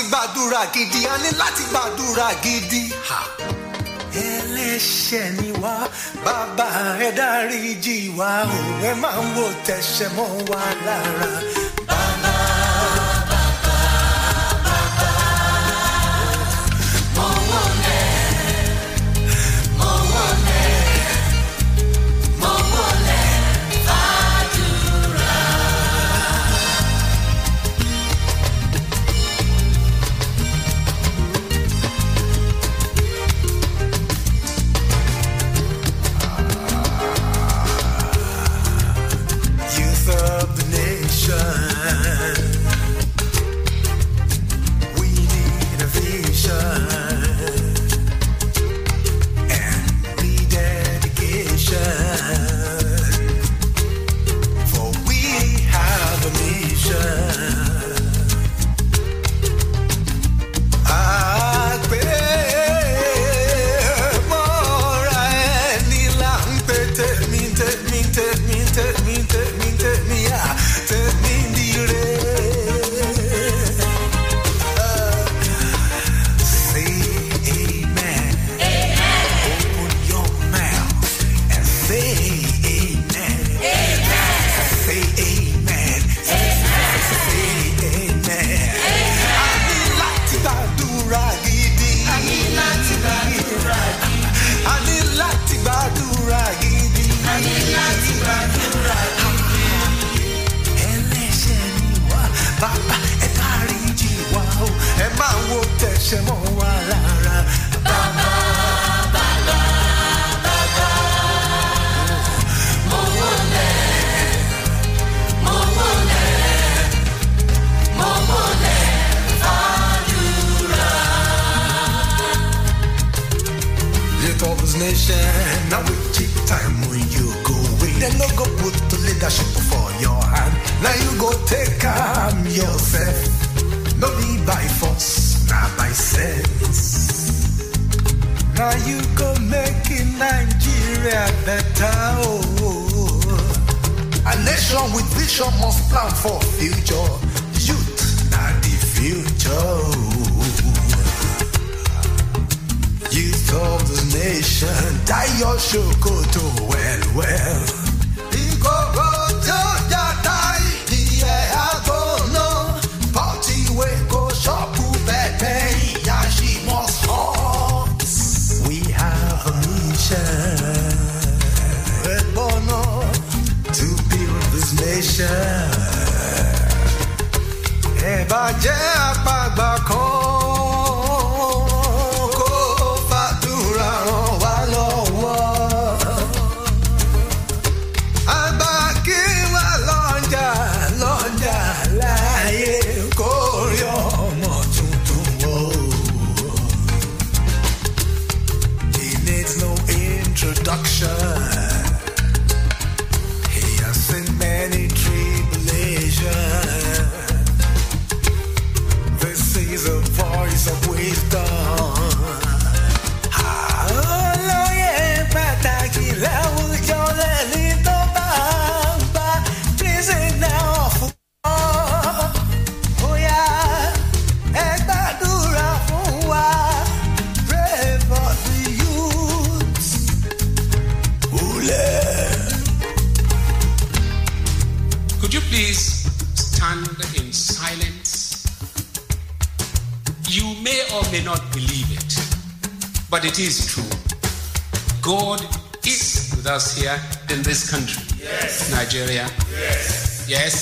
láti gbàdúrà gidi a ní láti gbàdúrà gidi. ẹlẹ́ṣẹ̀ ni wá bàbá ẹ dáríjì wá òwe máa ń wò tẹ̀sẹ̀ mọ́ wa lára. must plan for future. Youth, not the future. Youth of the nation, tie your shokoto well, well. jẹ́ àpagbà kan. yes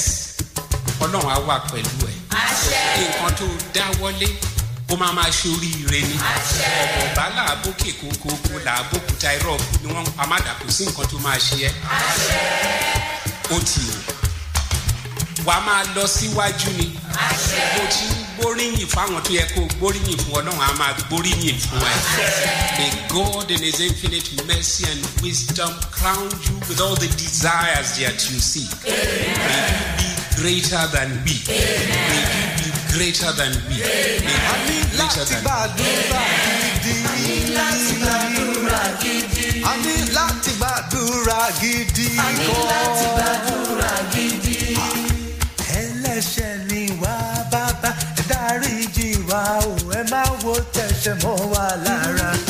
ọlọ́run á wà pẹ̀lú ẹ̀ nǹkan tó dáwọ́lé ó máa máa ṣe oríire ni ọ̀pọ̀ bá làábò kékòókò làábò kúta irọ́ ni wọ́n pa má dà kó sí nǹkan tó máa ṣe ẹ́ ó ti wà á máa lọ síwájú ni bó ti ń gbóríyìn fáwọn tó yẹ kó gbóríyìn fún ọlọ́run á máa gbóríyìn fún ẹ. May God in his infinite mercy and wisdom crown you with all the desires that you seek. May you be greater than we. May you be greater than we. May you be greater than we. A ní láti gbàdúrà gidi kọ́. A ní láti gbàdúrà gidi. Ẹlẹ́ṣẹ̀ ni wá. wa ò ẹ má wo tẹ̀sẹ̀ mọ́ wa lára.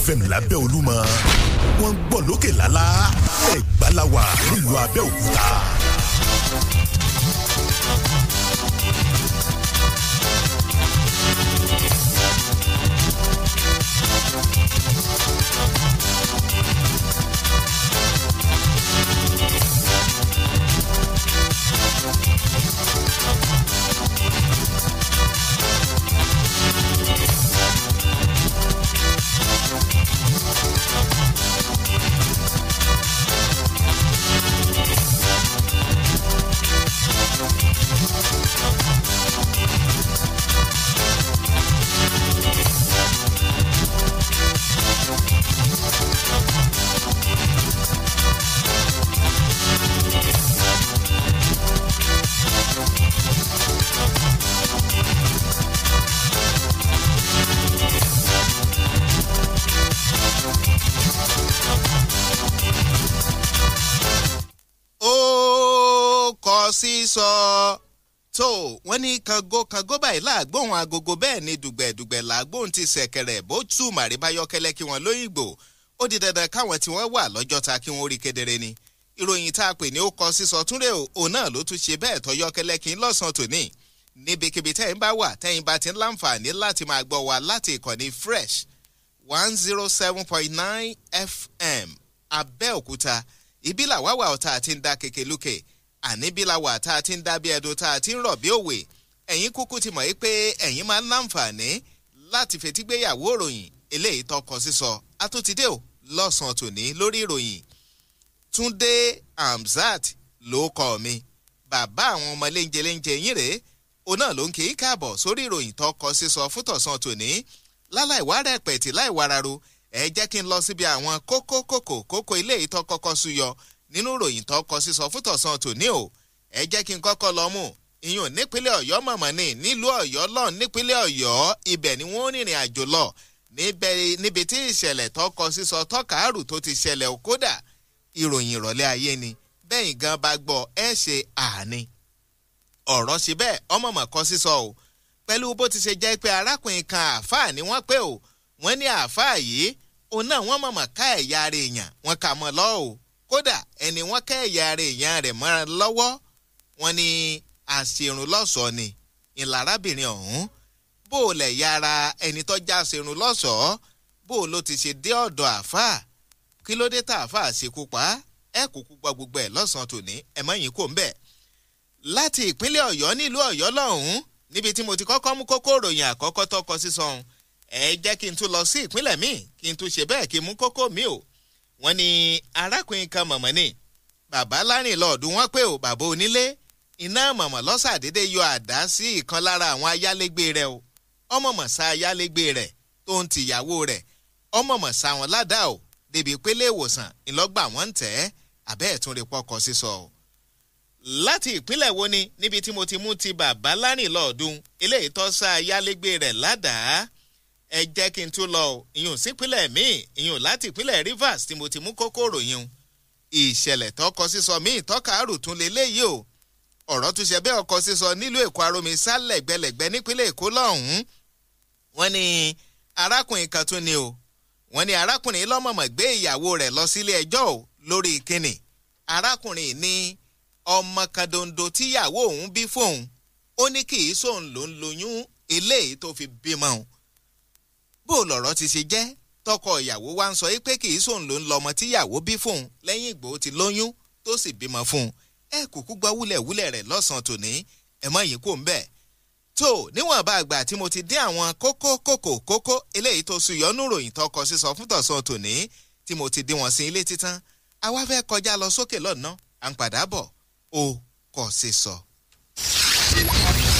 fm lábẹ́ olúmọ wọ́n ń gbọ́ lókè lálá ẹ̀gbá la wà nílùú abẹ́òkúta. kango kango báyìí láàgbóhùn agogo bẹ́ẹ̀ ni dùgbẹ̀dùgbẹ̀ làágbóhùn ti ṣẹ̀kẹ̀rẹ̀ bó tú màrìbáyọ́kẹ́lẹ́ kí wọ́n lóyìnbó ó di dandan káwọn tí wọ́n wà lọ́jọ́ta kí wọ́n rí kedere ni ìròyìn tá a pè ní ó kọ sísọ túnrẹ́ o òun náà ló tún ṣe bẹ́ẹ̀ tọ́yọ́kẹ́lẹ́ kí n lọ́sàn-án tòní níbikíbi tẹ́yìn bá wà tẹ́yìn bá ti ń láǹfààní láti máa gbọ́ wa láti ìkànnì fresh one zero seven point nine fm abẹ́òkúta ibi làwa wà ọ̀tá àti ń da kékeré lókè àní la wà tá a ti ń dá bí ẹdun tá a ti ń rọ̀ bí òwe ẹ̀yin kúkú ti mọ̀ yí pé ẹ̀yin máa ń láǹfààní láti fetígbéyàwó ìròyìn eléyìí tọkọ sísọ àtúntìdé ò lọ́sàn-án tòní lórí ìròyìn túndé hamzat ló kọ́ mi bàbá àwọn ọmọ léńjẹ léńjẹ yín rèé òun náà ló ń kí í káàbọ̀ sórí ìròyìn tọkọ sísọ fútọ̀sán tòní láláìwá rẹpẹ̀tì láìwararo ẹ jẹ́ kí n lọ síbi àwọn kókó kòkó kókó eléyìí tó kọ́kọ́ súyọ nínú ìròyìn tó kọ sísọ fútọ̀sán tòní o ẹ jẹ́ kí n kọ́kọ́ lọ mú ìyún nípínlẹ̀ ọ̀yọ́ mọ̀mọ́ ni nílùú ọ̀yọ́ lọ́n nípínlẹ̀ ọ̀yọ́ ibẹ̀ ni wọ́n rìnrìn àjò lọ níbi tí ìṣẹ̀lẹ̀ tọkọ sísọ tọkàárù tó ti ṣẹlẹ̀ kódà ìròyìn ìrọ̀lẹ́ ayé ni bẹ́yìn gan bá gbọ́ ẹ ṣe àní ọ̀rọ̀ sí bẹ́ẹ̀ ọmọọmọ kọ sísọ o pẹ̀lú bó ti ṣe jẹ́ pé arákùnrin kan àáfàá ni wọ́n pè o wọ́n ní àáfàá yìí òun náà wọ́n mọ̀mọ́ ká ẹ̀yà ara èèyàn wọ́n kà mọ́ lọ́ o kódà ẹni wọ́n ká ẹ̀yà ara èèyàn rẹ̀ mọ́ra lọ́wọ́ wọ́n ní àṣerunlọ́sọ̀ọ́ ni ìlàrábìnrin ọ̀hún bó o lẹ̀ yára ẹni tó já àṣerunlọ́sọ̀ọ́ bó o ló ti ṣe dé ọ̀dọ̀ àáfàá kí ló dé tá àáfàá ṣekú pa ẹ kò kú gba gbogbo ẹ̀ lọ́sàn-án tòní ẹ mọ̀ yín kò ń bẹ̀. láti ìpínlẹ̀ ọ̀yọ́ nílùú ọ̀yọ́ lọ́hùn-ún níbi tí mo ti kọ́kọ́ mú kókó ìròyìn àkọ́kọ́ tọkọ sísan ẹ jẹ́ kí n tún lọ sí ìpínlẹ̀ míì kí n tún ṣe bẹ́ẹ̀ kí n mú kókó mi o wọ́n ní arákùnrin kan mọ̀mọ́ ni bàbá lárìn lọ́ọ̀dún wọn pé o bàbá onílé iná mọ̀mọ́ lọ́sàdédé yọ àdá sí ìkan lára àwọn ayálégbé rẹ̀ o ọmọ mọ̀sá ayálégbé rẹ̀ tó ń tìyàwó rẹ̀ ọmọ mọ̀sá wọn ládàá o débi pélé ìwòsàn ìlọ́gbà wọn ń tẹ̀ ẹ́ àbẹ́ ẹ̀ tún rí pọkọ sísọ o. láti ìpínlẹ̀ wo ni níbi tí mo ti mú ti bàbá lárìn lọ́ọ̀dún eléyìí tó sá ayálégbé rẹ̀ ládàá ẹ jẹ́ kí n tún lọ o ìyún sípínlẹ̀ míì ìyún láti ìpínlẹ̀ Rivers tí mo ti mú kókó ròyìn ìṣẹ̀lẹ̀ tó kọ sísọ míì tọ́ka àrùtún o ọ̀rọ̀ tún ṣe bẹ́ẹ̀ ọkọ̀ sísọ nílùú èkó aromi sálẹ̀gbẹ̀lẹ̀gbẹ̀ nípínlẹ̀ èkó lọ́hùn-ún wọ́n ní arákùnrin kan tún ni o wọ́n ní arákùnrin lọ́mọ̀mọ̀ gbé ìyàwó rẹ̀ lọ sílé ẹjọ́ o lórí ìkíni arákùnrin ní ọmọ kan dondo tíyàwó òun bí fóun ó ní kì í sóun ló ń lóyún eléyìí tó fi bímọ òun bó lọ̀rọ̀ ti ṣe jẹ́ tọkọ ìyàwó wa ń sọ pé kì í sóun ló ń lọ ọmọ tíyàwó bí fóun lẹ́yìn ìgbò ó ti lóyún tó sì bímọ fún un ẹ kúkú gbọ́ wúlẹ̀wúlẹ̀ rẹ̀ lọ́sàn-án tòní ẹ mọ ìyín kò ń bẹ̀. tó níwọ̀n bá àgbà tí mo ti dín àwọn kókó kókó kókó eléyìí tó suyọ́nú ròyìn tọkọ sísọ fún tọ̀sán tòní tí mo ti dín wọn sí ilé títán àwa fẹ́ kọjá lọ sókè lọ́nà à ń padà bọ̀ o kò ṣe sọ.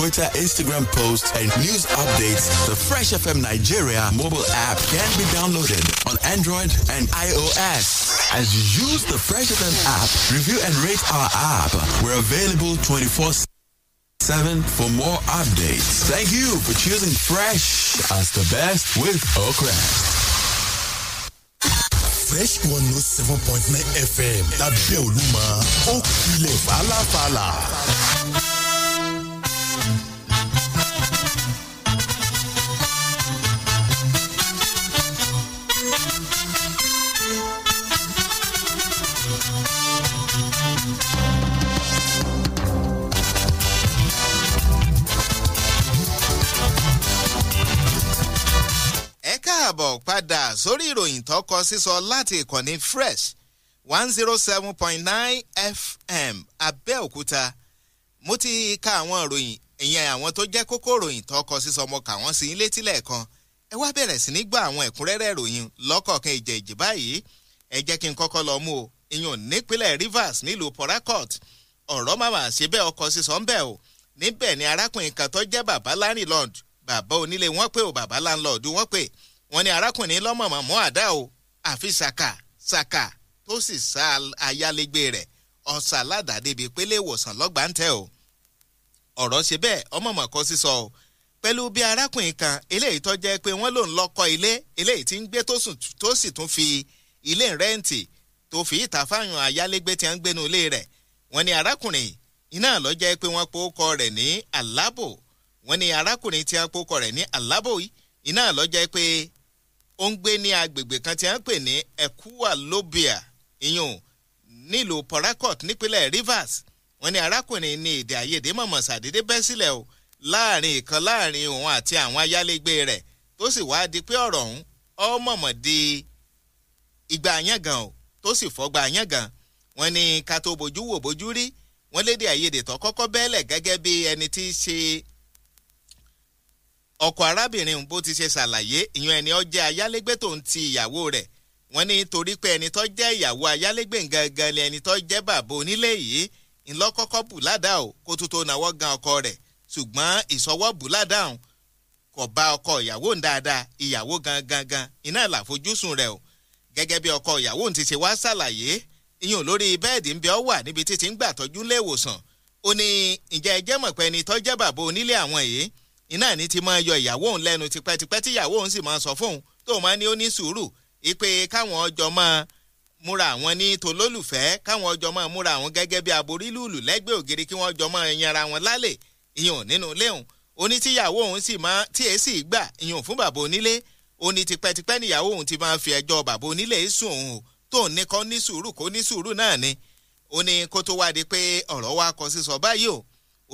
Twitter, Instagram posts, and news updates, the Fresh FM Nigeria mobile app can be downloaded on Android and iOS. As you use the Fresh FM app, review and rate our app. We're available 24 7 for more updates. Thank you for choosing Fresh as the best with Oakrest. fresh one note oh seven point nine fm That's olúmọ ó kulẹ̀ fàlàfàlà. sórí ìròyìn tó kọ sísọ láti ìkànnì fresh one zero oh seven point nine fm abẹ́òkúta mo ti ka àwọn ìròyìn ìyẹn àwọn tó jẹ́ kókó ìròyìn tó kọ sísọ mo kà wọ́n sí ilé tílẹ̀ kan ẹ wá bẹ̀rẹ̀ sí ní gba àwọn ẹ̀kúnrẹ́rẹ́ ìròyìn lọ́kọ̀ọ̀kan ìjẹ́ ìjì báyìí ẹ jẹ́ kí n kọ́kọ́ lọ mú o ìyọ̀n nípínlẹ̀ Rivers nílùú Port ọ̀rọ̀ màmá ṣe bẹ́ẹ̀ ọkọ̀ sísọ ń bẹ̀ o níbẹ̀ ni arákùnrin kan tó jẹ́ bàbá landlord bàbá onílé wọ́n pè o bàbá landlord wọ́n pè wọ́n ní arákùnrin lọ́mọ̀mọ̀ mú àdá o àfi ṣàkà ṣàkà tó sì sa ayálégbé rẹ̀ ọ̀sà ládàáde bíi pélé ìwòsàn lọ́gbà ń tẹ́ o ọ̀rọ̀ ṣe bẹ́ẹ̀ ọmọọmọ kò sísọ o pẹ̀lú bí arákùnrin kan eléyìí tó jẹ́ pé wọ́n lòun lọ́kọ́ ilé eléyìí tí ń gbé tó sì tún fi ilé rẹ́ǹtì tó fi ìta fáwọn ayálégbé tí wọ́n ń gbénu ilé rẹ̀ wọ́n ní arákùnrin iná ló jẹ́ pé wọ́n pòókọ rẹ̀ ní alábò wọ́n ní arákùnrin tí wọ́n pòókọ rẹ̀ ní alábò iná ló jẹ́ pé ó ń gbé ní agbègbè kan tí a ń pè ní ekuwa lobia ìyún nílùú porakot nípínlẹ̀ rivers wọ́n ní arákùnrin ní èdè àìyedè mọ̀mọ́ sàdédé bẹ́ sílẹ̀ o láàrin ìkan láàrin òun àti àwọn ayálégbé rẹ̀ tó sì wáá di pé ọ̀rọ̀ ọ̀hún ó mọ̀mọ́ di ìgbà àyàngàn o tó sì fọ́gbà àyàngàn wọ́n ní ká tó bójú wò bójú rí wọ́n lédè àìyedè tó kọ́kọ́ bẹ́ẹ̀lẹ̀ gẹ́gẹ́ bí ẹni tí í ṣe ọkọ arábìnrin bó ti ṣe ṣàlàyé ìyẹn ẹni ó jẹ́ ayálégbé tó ń ti ìyàwó rẹ̀ wọ́n ní torí pé ẹni tó jẹ́ ìyàwó ayálégbé gangan ni ẹni tó jẹ́ bàbá onílé yìí ńlọ́kọ́kọ́ bù ládàá o kó tó tó náwọ́ gan ọkọ rẹ̀ ṣùgbọ́n ìsọwọ́ bù ládàá o kò bá ọkọ ìyàwó ń dáadáa ìyàwó gangan gan iná làfojúsùn rẹ̀ o gẹ́gẹ́ bí ọkọ ìyàwó ń ti ṣe wá ṣàlàyé ìyún lórí bẹ́ẹ̀dì ń bẹ ọ wà níbi títí ń gbà tọ́jú lé ìwòsàn ó ní ìjẹ́ ẹjẹ́ mọ̀ pé ẹni tó jẹ́ bàbá onílé àwọn yìí iná ní ti máa yọ ìyàwó òun lẹ́nu tipẹ́tipẹ́ tí ìyàwó òun sì máa sọ fóun tóun máa ní ó ní sùúrù ìpè káwọn ọjọ́ máa múra àwọn ní tolólùfẹ́ káwọn ọjọ́ máa múra àwọn gẹ́gẹ́ bí aborí lùlù lẹ́gbẹ̀ẹ́ ògiri kí wọ́n jọ máa yanra wọn lálẹ́ ìyẹn nínú ilé òun oní tíyàwó òun sì máa tí èé sì gbà ìyẹn fún bàbá onílé oní tipẹ́tipẹ́ níyàwó òun ti máa fi ẹjọ́ bàbá onílé sùn òun tóun ní kó ní sùúrù kó ní sùúrù náà ni ó kó tó wá di pé ọ̀rọ̀ wa kò sí sọ báyìí o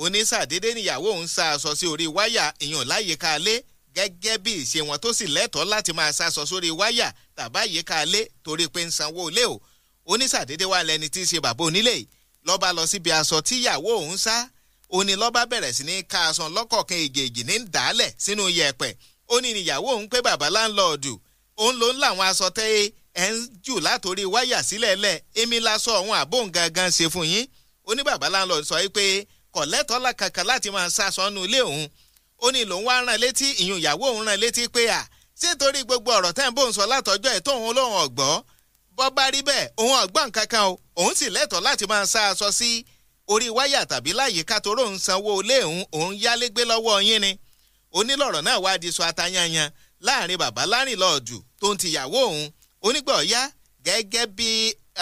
oníṣàdédé níyàwó òun sá aṣọ sí orí wáyà ìyàn láyìíká alé gẹ́gẹ́ bí ìṣe wọn tó sì lẹ́tọ̀ọ́ láti máa sáṣọ sórí wáyà tàbá àyíká alé torí pé ń sanwó ilé o oníṣàdédé wà lẹni tí í ṣe bàbá onílé lọ́ba lọ síbi aṣọ tíyàwó òun sá ó ní lọ́ba bẹ̀rẹ̀ sí ní ká aṣọ lọ́kọ̀ọ̀kan ègèègì ní dàálẹ̀ sínú yẹ̀pẹ̀ ó ní níyàwó òun pé bàbá láńlọ́ọ̀dù òun ló ń làwọn aṣọ tẹ́ ẹ ń jù látòrí wáyà sílẹ̀ lẹ̀ kọ̀ lẹ́tọ̀ọ́ la kankan láti máa sásọ́nù ilé òun ó ní lòun wá rán létí ìyún ìyàwó òun rán létí pé à sítorí gbogbo ọ̀rọ̀ tẹ́ ń bò ń sọ látọjọ́ ẹ̀ tóun lóun ọ̀gbọ́ bọ́ bá rí bẹ́ẹ̀ òun ọ̀gbọ́n kankan o òun sì lẹ́tọ̀ọ́ láti máa sá aṣọ sí orí wáyà tàbí láyìíká toró ń sanwó ilé òun òun yálégbé lọ́wọ́ yín ni onílọ̀rọ̀ náà wá di sọ atayanyan láàrin bàbá lárìnlọ́ọ̀dù tó ń tìyàwó òun onígbà ọ̀yá gẹ́gẹ́ bí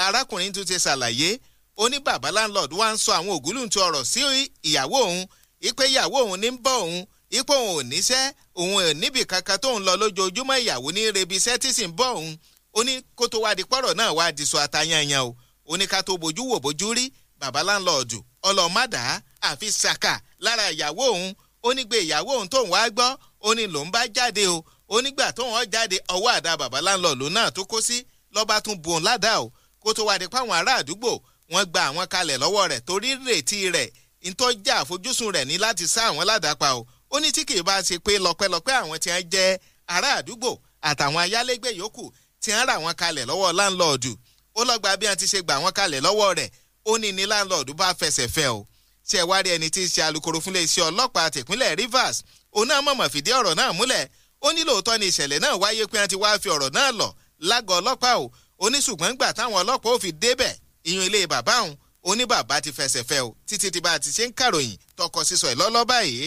arákùnrin tún ti ṣàlàyé ó ní bàbá landlord wá ń sọ àwọn ògúlùntì ọ̀rọ̀ sí ìyàwó òun ipe ìyàwó òun ní ń bọ́ òun ipò òun ò níṣẹ́ òun ò níbì kankan tóun lọ lójoojúmọ́ ìyàwó ní rebi iṣẹ́ tí sì ń bọ́ òun ó ní kó tó wá di pọ́rọ̀ náà wá di sọ àtayànyàn o ó ní ká tó bójú wò bójú rí bàbá láńlọ́ọ̀dù ọlọ́mọdà àfi ṣàkà lára ìyàwó òun ó gbé ìyàwó òun tóun wá gbọ́ ó ní bá jáde o ó nígbà tóun ó jáde ọwọ́ àdá bàbá láńlọ́ọ̀dù náà tó kó sí lọ́ba tún bu òun ládàá o kó tó wá di pàwọn ará àdúgbò wọ́n gba àwọn kalẹ̀ lọ́wọ́ rẹ̀ torí retí rẹ̀ ìtọ́jà àfojúsùn rẹ̀ ní láti sá àwọn ládàpá o ó ní tí kì í bá ṣe pé lọ́pẹ́lọpẹ́ àwọn tí wọ́n jẹ́ ará àdúgbò àtàwọn ayálégbé yòókù tí wọ́n rà wọn kalẹ̀ lọ́wọ́ láńlọ́ọ̀dù ó lọ́gba bí wọ́n ti ṣe gbà wọn kalẹ̀ lọ́wọ́ rẹ̀ ó ní ní láńlọ́ọ̀dù bá fẹsẹ̀ fẹ́ o ṣe wá rí ẹni tí í ṣe alukoro fúnlé iṣẹ́ ọlọ́pàá tìpínlẹ̀ Rivers òun náà mọ̀mọ̀ fìdí ọ̀rọ̀ náà múlẹ̀ ó ní lóòótọ́ ni ìṣẹ̀lẹ̀ náà wáyé pé wọ́n ti wá fi ọ̀rọ̀ náà lọ lágọ̀ọ́ ọlọ́pàá o ó gbà táwọn ọlọ́pàá ò fi débẹ̀ ìyún ilé bàbá òun oníbàbá ti fẹsẹ̀ fẹ́ o títí tí bá a ti ṣe ń kàròyìn tọkọ sísọ ìlọ́lọ́ báyìí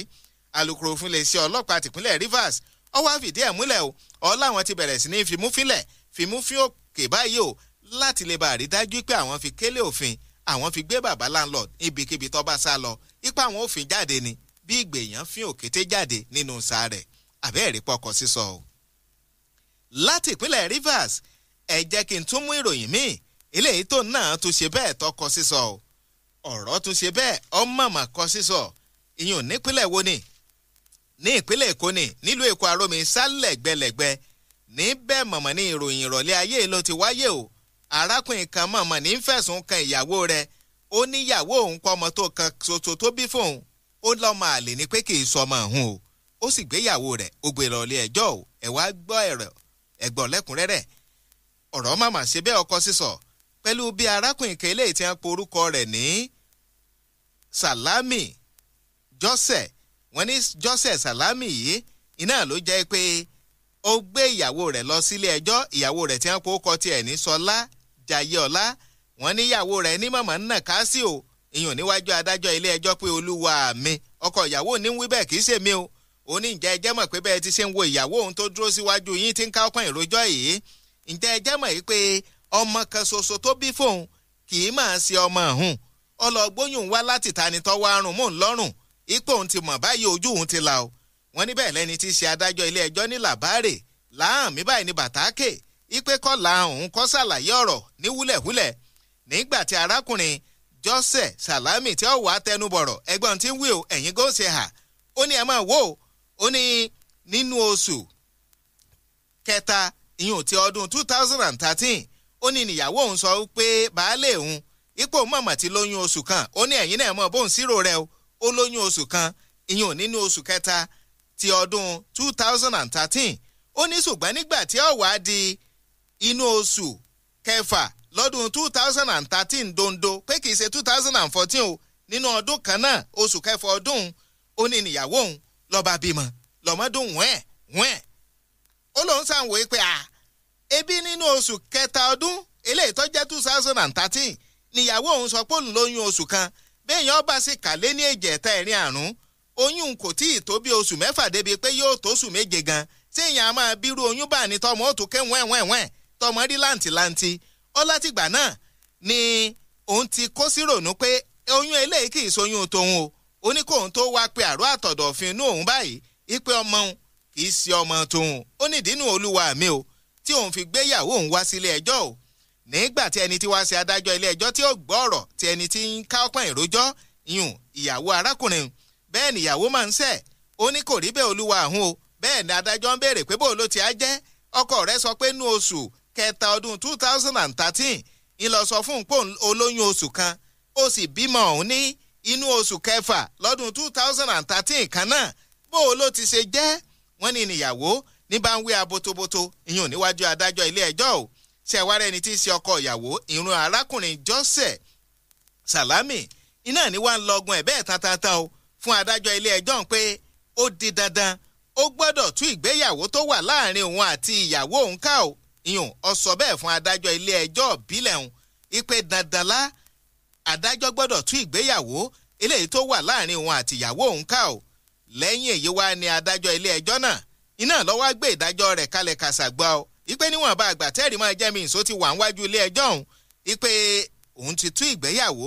alūkkóró fún iléeṣẹ́ ọlọ́pàá tìpínlẹ̀ Rivers ọwọ́ àfìdí ẹ̀ múlẹ̀ o ọ láwọn ti bẹ̀rẹ̀ sí ní fimúfínlẹ̀ fimúfín òkè báyìí o láti lè bá rí dájú pé àwọn fi kélé òfin àwọn fi gbé bàbá landlord níbikíbi tó bá sá lọ ipa àwọn òfin jáde ni bí ìgbèyàn fín òkété jáde nínú sáà rẹ̀ àbẹ́ẹ̀rí pọkọ sísọ o. láti ìpínlẹ̀ Rivers ẹ jẹ́ kí n tún mú ìròyìn míì eléyìí tó náà tún ṣe bẹ́ẹ̀ tọkọ sísọ ọ̀rọ̀ tún ṣe bẹ́ẹ̀ ọmọọmọ kọ sísọ ìyún nípínlẹ̀ wo ni ní ìpínlẹ̀ èkó ni nílùú èkó arómi sálẹ̀gbẹ̀lẹ̀gbẹ̀ níbẹ̀ mọ̀mọ́ ní ìròyìn ìrọ̀lẹ́ ayé ló ti wáyé o arákùnrin kan mọ̀mọ́ ní fẹ̀sùn kan ìyàwó re. ó níyàwó òun kọ́ ọmọ tó kan ṣoṣo tó bí fóun ó lọ́mọ àlè ni pé kì í sọ òun o ó sì gbéyàwó ìrọ̀lẹ́ e ẹjọ́ o gbọ́ pẹ̀lú bí arákùnrin kan eléyìí tí wọ́n po orúkọ rẹ̀ ní Salami jose wọ́n ní Joseph Salami yìí iná ló jẹ́ pé ó gbé ìyàwó rẹ̀ lọ sílé ẹjọ́ ìyàwó rẹ̀ tí wọ́n po orúkọ tiẹ̀ ní Sọlá Jayéọlá wọ́n ní ìyàwó rẹ̀ ní mọ̀mọ́ ń nà ká sí o ìyàn níwájú adájọ́ ilé ẹjọ́ pé olúwa mi ọkọ ìyàwó ní wí bẹ́ẹ̀ kì í ṣe mi o ó ní ǹjẹ́ ẹjẹ́ mọ̀ pé bẹ́ẹ̀ ti ṣe ń wo ìyàwó òun tó dúró síwájú yín ti ń ká ọkàn ìròjọ́ yìí ǹjẹ́ ẹjẹ́ mọ̀ yìí pé ọmọ kan ṣoṣo tó bí fóun kì í máa ṣe ọmọ ọ̀hún ọlọ́gbóyún wá láti tanitọ́ wa rùn mọ́ ńlọ́rùn ipò òun ti mọ̀ báyìí ojú òun ti la o wọ́n níbẹ̀ lẹ́ni tí í ṣe adájọ́ ilé ẹjọ́ ní làbáre láàmì báyìí ní bàtákè ipe kọ́là òun kọ́ ṣàlàyé ọ̀rọ̀ ní wúlẹ̀wúlẹ̀ nígbà tí arákùnrin jọ́sẹ̀ sàlámì tí ó wà á tẹnubọ̀rọ̀ ẹgbọ́n tí ń wí o ẹ̀yin gò ṣe hà ó ní ẹ máa wò ó ó ní nínú oṣù kẹta ìyún ti ọdún two thousand and thirteen ó ní níyàwó òun sọ pé baálé òun ipò mọ̀mọ̀ ti lóyún oṣù kan ó ní ẹ̀yin náà mọ̀ bóun sírò rẹ ó lóyún oṣù kan ìyẹn nínú oṣù kẹta ti ọdún two thousand and thirteen ó ní ṣùgbọ́n nígbà tí ó wá di inú oṣù kẹfà lọ́dún two thousand and thirteen dondo pé kì ṣe two thousand and fourteen o nínú ọdún kan náà oṣù kẹfà ọdún ó ní níyàwó òun lọ́ba bímọ lọ́mọdún wẹ́ẹ̀ wẹ́ẹ̀ ó lóun ṣàǹwòye pé à ebi nínú oṣù kẹta ọdún eléyìí tó jẹ́ two thousand and thirteen níyàwó òun sọ pé òun lóyún oṣù kan béèyàn bá sì kà lé ní èjẹ̀ta ẹ̀rin àrùn oyún kò tí ì tó bí oṣù mẹ́fà débi pé yóò tó oṣù méje gan téèyàn á máa bírú oyún bá ní tọmọ ó tó ké wẹ́wẹ́wẹ́ tọmọ rí làǹtìlàǹtì ó látìgbà náà ni òun ti kó sí rònú pé oyún eléyìí kì í soyún tòun o ó ní kóun tó wá pe àrò àtọ̀dọ̀ òfin inú òun báyìí ipe ọmọ òun kì í ṣe ọmọ tòun ó nídìí nù olúwa mi o tí òun fi gbéyàwó òun wá sílé ẹjọ́ o nígbà tí ẹni tí wá ṣe adájọ́ ilé ẹjọ́ tí ó gbọ́ ọ̀rọ̀ tí ẹni tí ń ká ọpọ́n ìrójọ́ iyùn ìyàwó arákùnrin bẹ́ẹ̀ níyàwó máa ń ṣẹ̀ ó ní kò rí bẹ́ẹ̀ olúwa àhún o bẹ́ẹ̀ ni adájọ́ ń béèrè pé bó ló ti á jẹ́ ọkọ rẹ̀ sọ pé nú oṣù kẹta ọdún two thousand and thirteen ń sọ fún pò olóyún oṣù kan ó sì bímọ òun ní inú oṣù kẹfà lọ́dún two thousand and thirteen kan náà bó ti ṣe jẹ́ wọ́n ní níyàwó ní bá ń wí abotoboto ìyún níwájú adájọ́ ilé ẹjọ́ o ṣẹ̀wárẹ́ ẹni tí í ṣe ọkọ ìyàwó ìrún arákùnrin Joseph Salami iná ni wàá ń lọgun ẹ̀ bẹ́ẹ̀ tatata o fún adájọ́ ilé ẹjọ́ ń pé ó di dandan ó gbọ́dọ̀ tú ìgbéyàwó tó wà láàrin òun àti ìyàwó òun ká o ìyún ó sọ bẹ́ẹ̀ fún adájọ́ ilé ẹjọ́ ìbílẹ̀ òun ipe dandan lá adájọ́ gbọ́dọ̀ tú ìgbéyàwó eléyìí tó wà láàrin òun àti ìyàwó òun ká o lẹ́yìn èyí wá ní adájọ́ ilé ẹjọ́ náà iná lọ́wọ́ á gbé ìdájọ́ rẹ̀ kalẹ̀ kàṣàgbà o ipe níwọ̀nba àgbà tẹ́rì máa jẹ́ mi ìṣó ti wà níwájú ilé ẹjọ́ ọ̀hún ipe òun ti tú ìgbéyàwó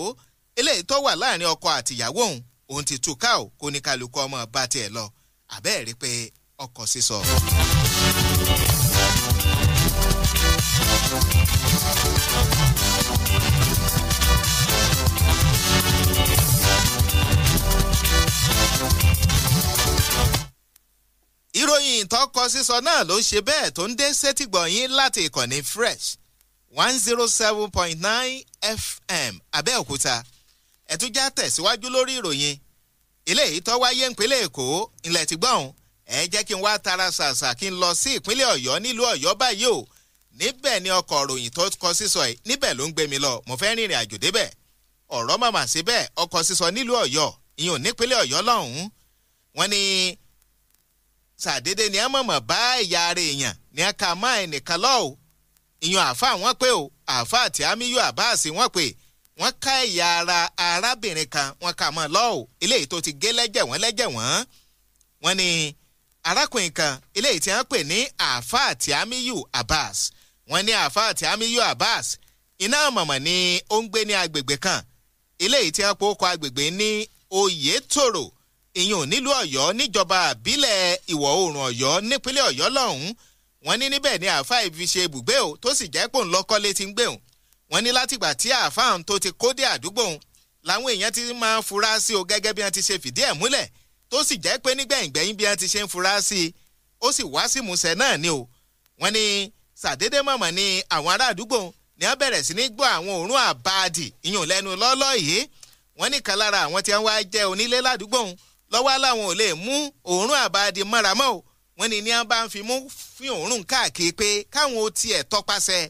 eléyìí tó wà láàrin ọkọ àtìyàwó òun òun ti tú ká o kó ní kálukú ọmọ bá tiẹ̀ lọ àbẹ́ẹ̀ rí pé ọkọ̀ sísọ. tọkọ sísọ náà ló ń ṣe bẹ́ẹ̀ tó ń dé sétìgbọ̀yìn láti ìkànnì fresh one zero seven point nine fm abẹ́òkúta ẹ̀túnjá tẹ̀síwájú lórí ìròyìn ilé yìí tó wáyé ìpínlẹ̀ èkó ilẹ̀ ti gbọ́n ẹ jẹ́ kí n wá tara ṣàṣà kí n lọ sí ìpínlẹ̀ ọ̀yọ́ nílùú ọ̀yọ́ báyìí o níbẹ̀ ni ọkọ̀ òròyìn tó kọ sísọ ẹ̀ níbẹ̀ ló ń gbé mi lọ mo fẹ́ rìnrìn àjò débẹ̀ ọ̀rọ̀ màmá síbẹ̀ ọkọ̀ sísọ nílùú ọ̀yọ́ ìyẹn nípínlẹ̀ ọ̀yọ́ lọ́hùn-ún wọ́n ní ṣàdédé ni a mọ̀mọ̀ bá ẹ̀yà ara èèyàn ni a kà má ẹnìkan lọ́ o ìyọ̀n àáfàá wọn pé o àáfàá tí Àmíyù Abbas wọn pé wọn ká ẹ̀yà ara arábìnrin kan wọn kà mọ́ lọ́ o eléyìí tó ti gé lẹ́jẹ̀ wọ́n lẹ́jẹ̀ wọ́n wọn ni arákùnrin kan eléyìí tí wọ́n pè ní àáfàá tí Àmíyù Abbas wọn ní àáfàá tí Àmíyù Abbas iná mọ̀mọ̀ ni ó ń gbé ní agbègbè kan eléyìí tí wọ́n pọ̀ kọ agbègbè ní Oyètòrò ìyún nílùú ọ̀yọ́ níjọba àbílẹ̀ ìwọ̀ oòrùn ọ̀yọ́ nípínlẹ̀ ọ̀yọ́ lọ́hùn-ún wọ́n ní níbẹ̀ ni àáfàá ibi ṣe ibùgbé o tó sì jẹ́ pòun lọ́kọ́lé ti ń gbé o wọ́n ní látìgbà tí àáfàá tó ti kó dé àdúgbò òun làwọn èèyàn ti máa fura sí o gẹ́gẹ́ bí wọ́n ti ṣe fìdí ẹ̀ múlẹ̀ tó sì jẹ́ pé nígbẹ̀yìngbẹ̀yìn bí wọ́n ti ṣe ń fura sí i ó sì wá sí musẹ̀ náà ni o wọ́n ní sàdédé mọ̀mọ́ ni àwọn ará àdúgbò ni wọ́n bẹ̀rẹ̀ sí ní gbọ́ àwọn òórùn àbáàdì ìyọ̀n lọ́lọ́ yìí wọ́n ní kan lára àwọn tí wá jẹ́ onílé ládùúgbò lọ́wọ́ làwọn ò lè mú òórùn àbáàdì mọ́ra mọ́ o wọ́n ní ní a bá ń fi mú fún òórùn káàkiri pé káwọn ó tiẹ̀ tọpasẹ̀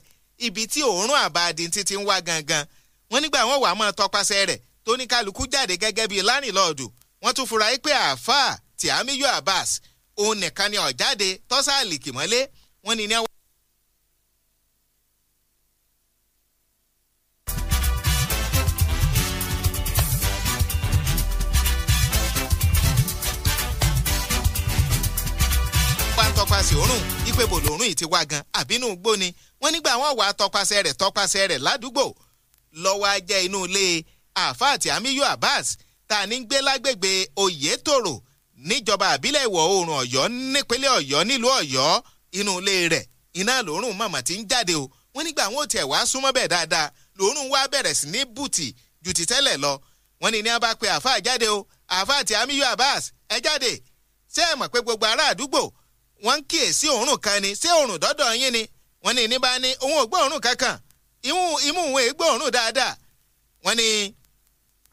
ibi tí òórùn àbáàdì títí ń wá gangan wọ́n nígbà wọn wà á máa tọpasẹ̀ rẹ̀ tó ní kálukú jáde gẹ́gẹ́ bíi lárìnlọ́ọ̀dù wọ́n tún fura pé àáfàá Tìámíyù Abbas òun nìkan ni ọ̀jáde tọ́sà àlìkìmọ́lé wọ́n ní ní nínú igbó ni wọ́n nígbà wọ́n wà tọpasẹ̀ rẹ̀ tọpasẹ̀ rẹ̀ ládùúgbò lọ́wọ́ ajẹ́ inú ilé àfáàtì amiyu abbas tá a ní gbé lágbègbè oyetoro níjọba àbílẹ̀ ìwọ̀ oòrùn ọ̀yọ́ nípínlẹ̀ ọ̀yọ́ nílùú ọ̀yọ́ inú ilé rẹ̀ iná lòórùn mọ̀mọ́ tí ń jáde o wọ́n nígbà wọn ò tiẹ̀ wá súnmọ́ bẹ̀ dáadáa lòórùn wá bẹ̀rẹ̀ sí ní bùtì ju ti tẹ́lẹ̀ lọ wọ́n ní ní a bá pe àáfàá jáde o àáfàá ti amiyu abbas ẹ jáde ṣé ẹ mọ̀ pé gbogbo ará àdúgbò wọ́n ń kíyèsí òórùn kan ni ṣé òórùn dọ́dọ̀ yín ni wọ́n ní bá ní òun ò gbọ́ òórùn kankan imú imú òun gbọ́ òórùn dáadáa wọ́n ní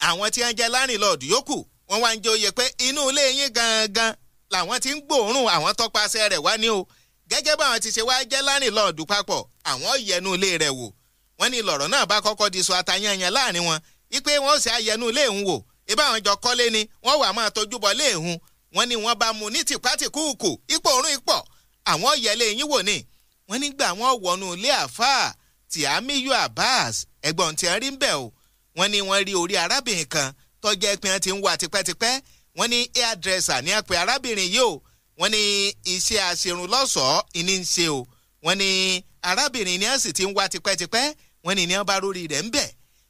àwọn tí wọ́n jẹ́ lárìnlọ́ọ̀dù yòókù wọ́n wá ń jẹ́ oyè pé inú ilé yín gangan làwọn ti ń àwọn tọpasẹ̀ rẹ̀ wá ní o gẹ́gẹ́ ti ṣe wá jẹ́ papọ̀ àwọn yẹnu ilé rẹ̀ wò wọ́n ní lọ̀rọ̀ náà bá kọ́kọ́ di sọ atayanyan wọn sì ayẹnu wọ́n ní wọ́n bá mu ní tìpátìkúùkù ipò òórùn ipò àwọn yẹlé yín wò ni wọ́n nígbà wọ́n wọnú ilé àfáà Tìámíyù Abbas ẹ̀gbọ́n tí ń rí bẹ́ẹ̀ o wọ́n ní wọ́n rí orí arábìnrin kan tọ́jẹ́ pin ti ń wà tipẹ́tipẹ́ wọ́n ní hairdresser ní àpè arábìnrin yìí o wọ́n ní iṣẹ́ aṣerunlọ́sọ̀ọ́ ìní ń ṣe o wọ́n ní arábìnrin ni a sì ti ń wá tipẹ́tipẹ́ wọ́n ní ní a bá rórí rẹ̀ ń bẹ̀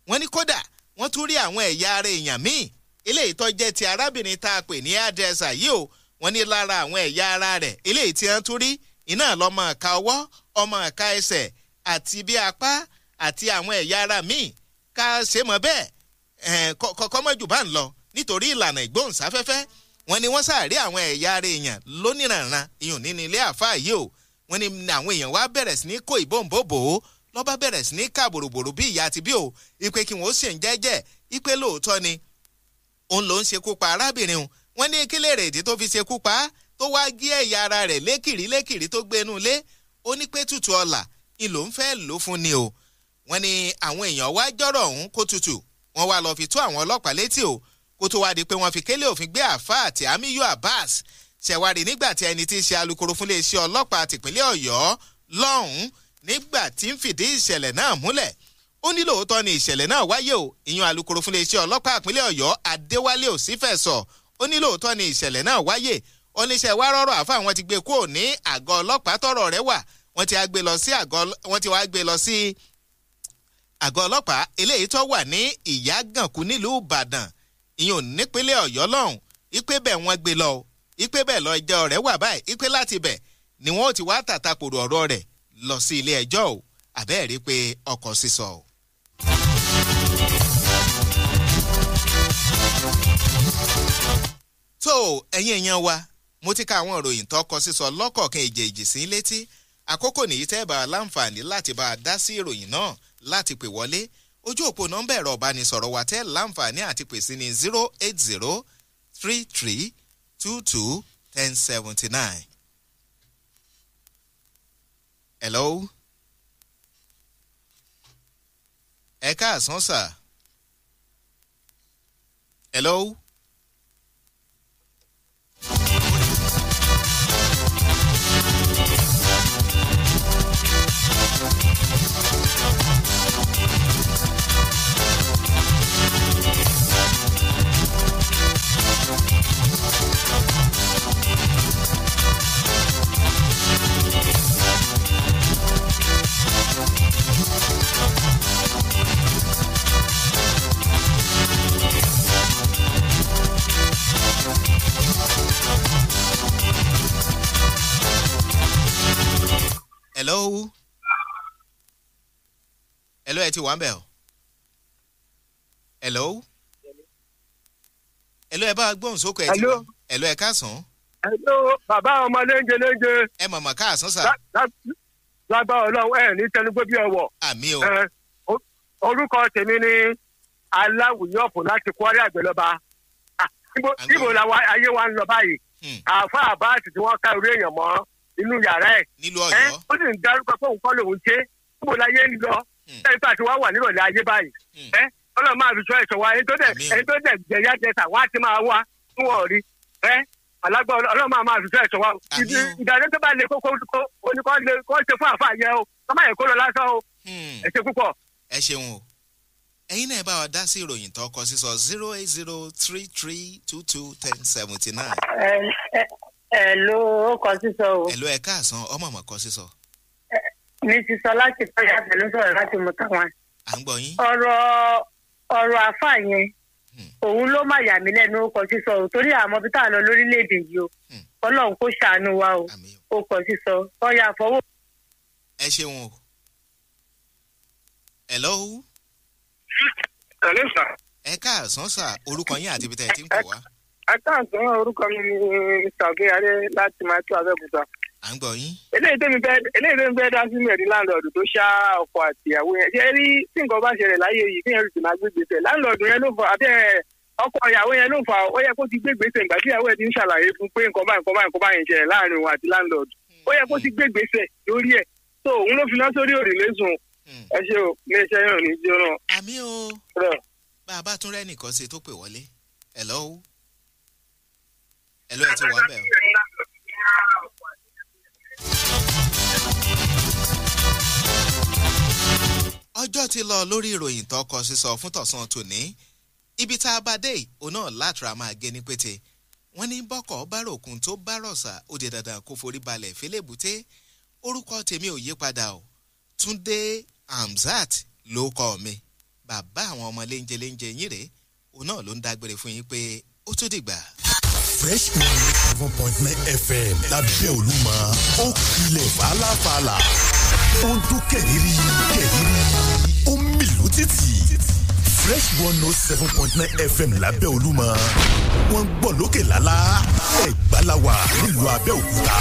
wọ́n ní kódà wọ́n tún rí àwọn ẹ̀yà ara èèyàn míì eléyìí tó jẹ́ ti arábìnrin tá a pè ní adẹ́sà yìí o wọ́n ní lára àwọn ẹ̀yà ara rẹ̀ eléyìí tí wọ́n tún rí iná lọ́mọ ọ̀ka ọwọ́ ọmọ ọ̀ka ẹsẹ̀ àti bí apá àti àwọn ẹ̀yà ara míì ká ṣe mọ́ bẹ́ẹ̀ kọ́kọ́mọ́jù bá ń lọ nítorí ìlànà ìgbóhùnsáfẹ́fẹ́ wọ́n ní wọ́n sáré àwọn ẹ̀yà ara èèyàn lóníranran ìyún nínú ilé àfáà yìí o wọ́n ní àwọn èèyàn wá bẹ̀rẹ̀ sí ní kó ìbòǹbòbò lọ́ba bẹ̀rẹ̀ sí ní ká bòròbòrò bí ìyá àti bí o ìpè kí wọ́n ó sì ń jẹ́jẹ́ ìpè lóòótọ́ ni òun ló ń ṣekú pa arábìnrin òun wọ́n ní kílẹ̀ rẹ̀ ìdí tó fi ṣekú pa á tó wá gé ẹ̀yà ara rẹ̀ lékìrí lékìrí tó gbénú ilé ó ní pé tútù ọ̀la ìlò ń fẹ́ lò fún ni o wọ́n ní àwọn èèyàn wá jọ́rọ̀ ọ̀hún kó tutù wọ́n wá lọ́ọ́ fi tó àwọn ọlọ́pàá létí o kó tó wá di pé wọ́n fi kélé òfin gbé àáfàá àti Amiyu Abbas ṣẹ̀wárí nígbà tí ẹni tí í ṣe alukoro fún iléeṣẹ́ ọlọ́pàá tìpínlẹ̀ Ọ̀yọ́ lọ́hùn-ún nígbà tí ń fìdí ìṣẹ̀lẹ̀ náà múlẹ̀ ó ní lóòótọ́ ni ìṣẹ̀lẹ̀ náà wáyé o ìyún alukoro fún iléeṣẹ́ ọlọ́pàá ìpínlẹ̀ ọ̀yọ́ adéwálé òsínfẹ̀sọ ó ní lóòótọ́ ni ìṣẹ̀lẹ̀ náà wáyé oníṣẹ́ wa rọ́rọ̀ àfa àwọn ti gbé e kúrò ní àgọ́ ọlọ́pàá tọ̀rọ̀ rẹ̀ wà wọ́n ti wá gbé lọ sí àgọ́ ọlọ́pàá eléyìí tó wà ní ìyágànkú nílùú ìbàdàn ìyún nípínlẹ̀ ọ̀yọ́ lọ́hùn ipe bẹ̀ wọ́n gbé lọ ipe bẹ̀ lọ ẹjọ́ rẹ̀ wà báyìí ipe láti bẹ̀ ni wọ́n ti wá tàtàkùrọ̀ ọ̀rọ̀ rẹ̀ lọ sí ilé ẹjọ́ o àbẹ́ẹ̀rí pé ọkọ̀ sísọ o tó ẹ̀yin èèyàn wa mo ti ka àwọn ìròyìn tó kọ sísọ lọ́kọ̀ọ̀kan èjèèjì sí létí àkókò nìyí tẹ́ bá a láǹfààní láti bá a dá sí ìròyìn náà láti pè wọlé ojú òpó nọ́mbà ẹ̀rọ ìbánisọ̀rọ̀ wa tẹ́ láǹfààní àti pè ní zero eight zero three three two two ten seventy nine. Hello. ẹ káàsán sà. hello. wà ń bẹ̀ o. hello. hello ẹ bá gbóhùn sókè ẹ ti wá. hello ẹ káàsán. hello bàbá ọmọ léńjẹ léńjẹ. ẹ màmá káàsán sà. lágbára ọlọ́run ẹ ní tẹnugbó bí ọwọ́. àmì o. orúkọ tèmi ni aláwùyọ ọ̀pọ̀ láti Kwara àgbẹ̀lọba. ibo làwọn ayé wa ń lọ báyìí. àfa àbá àti tí wọ́n ká orí èèyàn mọ́ inú yàrá ẹ̀. nílùú Ọ̀yọ́. ó sì ń darúgbó fóun kọ́ lòun ṣe níbo láyé ń lọ ẹ̀ bá ti wá wà nírọ̀lẹ́ ayé báyìí hmm. ẹ́ ọlọ́run máa fi sọ ẹ̀sọ̀ wa ẹni tó dẹ̀ ẹni tó dẹ̀ jẹ̀yà jẹta wá ti máa wá ń wọ̀ rí ẹ́ alágbá ọlọ́run máa máa fi sọ ẹ̀sọ̀ wa ìdájọ́ tó bá lè kókó kó ní kó ṣe fún àfa yẹ o kó má yẹ kó lọ lásán o hmm. ẹ ṣe púpọ̀. ẹ ṣeun o ẹ̀yin náà ẹ bá wa dá sí ìròyìn tó kọ sísọ zero eight zero three three two two ten seventy nine. ẹ ẹ ló kọ sísọ o. ẹ ló ẹ káàsán ọmọ ọmọ kọ sísọ mi ti sọ láti tọ́jà pẹ̀lú sọ̀rọ̀ láti mú táwọn. à ń gbọ́ yín. ọ̀rọ̀ ọ̀rọ̀ àfà yẹn hmm. òun ló má yà mí lẹ́nu ó kọ sísọ ò torí àmọ́ bí tá a lọ lórílẹ̀‐èdè yìí o hmm. ọlọ́run kó ṣàánú wa o ó kọ sísọ ọyà àfọwọ́. ẹ ṣeun o. hello. hello sir. ẹ káàsán sà orúkọ yín àti ibi tẹ́ ẹ ti ń pọ̀ wá. ẹ káàsán orúkọ mi ni sàgé arẹ láti máa tó abẹ́òkúta à ń gbọ́ yín. eléyìí tẹ́mi fẹ́ eléyìí tẹ́mi fẹ́ dá sí mẹ́rin láńlọ́ọ̀dù tó ṣá ọkọ̀ àti ìyàwó yẹn ṣe rí tí nǹkan bá ṣẹlẹ̀ láyé yìí kí yẹn lùtì máa gbé gbèsè láńlọ́ọ̀dù yẹn ló fà àbí ọkọ̀ ìyàwó yẹn ló fà ó yẹ kó ti gbé gbèsè ìgbà tí ìyàwó yẹn ti ń ṣàlàyé fún pé nǹkan báyìí nǹkan báyìí nǹkan báyìí ṣẹlẹ̀ láàrin ọjọ́ ti lọ lórí ìròyìn tọkọ sísọ fún tọ̀sán tòní ibi tá a bá dé òun náà látara máa gé ní pété wọ́n ní bọ́kọ̀ bárokùn tó bá rọ̀ṣà ó dandan kó forí balẹ̀ fẹlẹ́bùté orúkọ tèmi ò yí padà o Túndé Hamzat ló kọ́ mi bàbá àwọn ọmọ léńjẹ léńjẹ yín rèé òun náà ló ń dágbére fún yín pé ó tún dìgbà fresh one seven point nine fm lábẹ́ olúmọ ó kilẹ̀ fàlàfàlà ó ń dún kẹ̀rìírí kẹ̀rìírí ó ń mìlú títì fresh one oh seven point nine fm lábẹ́ olúmọ wọ́n ń gbọ́ lókè lálá ẹ̀gbá la wà nílùú abẹ́òkúta.